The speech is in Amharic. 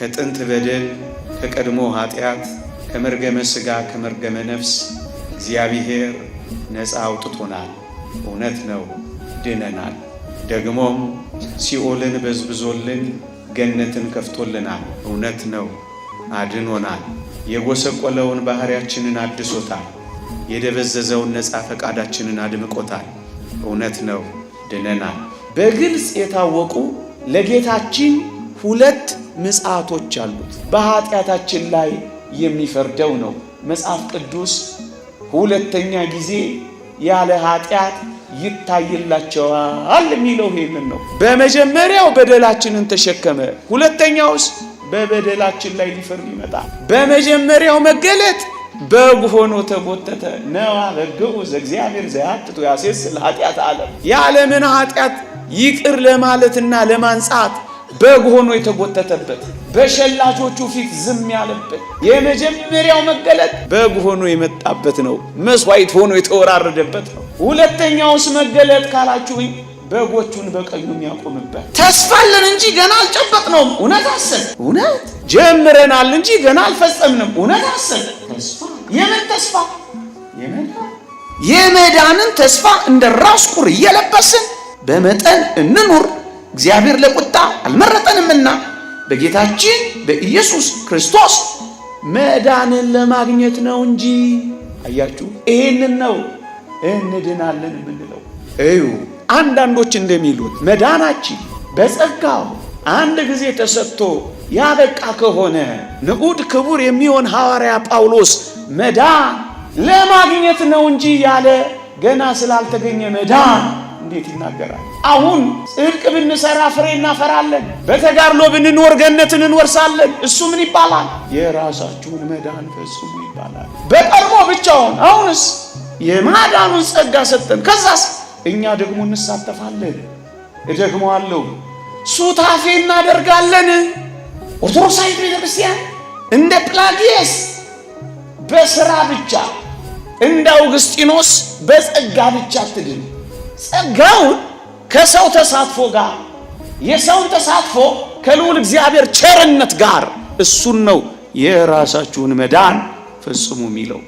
ከጥንት በደል ከቀድሞ ኃጢአት ከመርገመ ሥጋ ከመርገመ ነፍስ እግዚአብሔር ነፃ አውጥቶናል። እውነት ነው፣ ድነናል። ደግሞም ሲኦልን በዝብዞልን ገነትን ከፍቶልናል። እውነት ነው፣ አድኖናል። የጎሰቆለውን ባሕርያችንን አድሶታል። የደበዘዘውን ነፃ ፈቃዳችንን አድምቆታል። እውነት ነው፣ ድነናል። በግልጽ የታወቁ ለጌታችን ሁለት ምጽአቶች አሉት። በኃጢአታችን ላይ የሚፈርደው ነው። መጽሐፍ ቅዱስ ሁለተኛ ጊዜ ያለ ኃጢአት ይታይላቸዋል የሚለው ይሄንን ነው። በመጀመሪያው በደላችንን ተሸከመ፣ ሁለተኛውስ በበደላችን ላይ ሊፈርድ ይመጣል። በመጀመሪያው መገለጥ በግ ሆኖ ተጎተተ። ነዋ በግዑ ዘእግዚአብሔር ዘያትቱ ያሴስ ለኃጢአት ዓለም የዓለምን ኃጢአት ይቅር ለማለትና ለማንጻት በግ ሆኖ የተጎተተበት በሸላቾቹ ፊት ዝም ያለበት የመጀመሪያው መገለጥ በግ ሆኖ የመጣበት ነው። መስዋዕት ሆኖ የተወራረደበት ነው። ሁለተኛውስ መገለጥ ካላችሁኝ በጎቹን በቀኙ የሚያቆምበት ተስፋለን እንጂ ገና አልጨበጥነውም። እውነት አሰብ እውነት ጀምረናል እንጂ ገና አልፈጸምንም። እውነት አሰብ ተስፋ የምን ተስፋ የመዳንን ተስፋ እንደ ራስ ቁር እየለበስን በመጠን እንኑር። እግዚአብሔር ለቁጣ አልመረጠንምና በጌታችን በኢየሱስ ክርስቶስ መዳንን ለማግኘት ነው እንጂ። አያችሁ፣ ይሄንን ነው እንድናለን የምንለው። እዩ፣ አንዳንዶች እንደሚሉት መዳናችን በጸጋው አንድ ጊዜ ተሰጥቶ ያበቃ ከሆነ ንዑድ ክቡር የሚሆን ሐዋርያ ጳውሎስ መዳን ለማግኘት ነው እንጂ ያለ ገና ስላልተገኘ መዳን እንዴት ይናገራል? አሁን ጽድቅ ብንሰራ ፍሬ እናፈራለን፣ በተጋድሎ ብንኖር ገነትን እንወርሳለን። እሱ ምን ይባላል? የራሳችሁን መዳን ፈጽሙ ይባላል። በቀድሞ ብቻውን አሁንስ የማዳኑን ጸጋ ሰጠን። ከዛስ እኛ ደግሞ እንሳተፋለን። እደግመዋለሁ፣ ሱታፌ እናደርጋለን። ኦርቶዶክሳዊት ቤተክርስቲያን እንደ ጵላጊየስ በስራ ብቻ እንደ አውግስጢኖስ በጸጋ ብቻ አትድን። ጸጋውን ከሰው ተሳትፎ ጋር የሰውን ተሳትፎ ከልዑል እግዚአብሔር ቸርነት ጋር እሱን ነው የራሳችሁን መዳን ፈጽሙ የሚለው።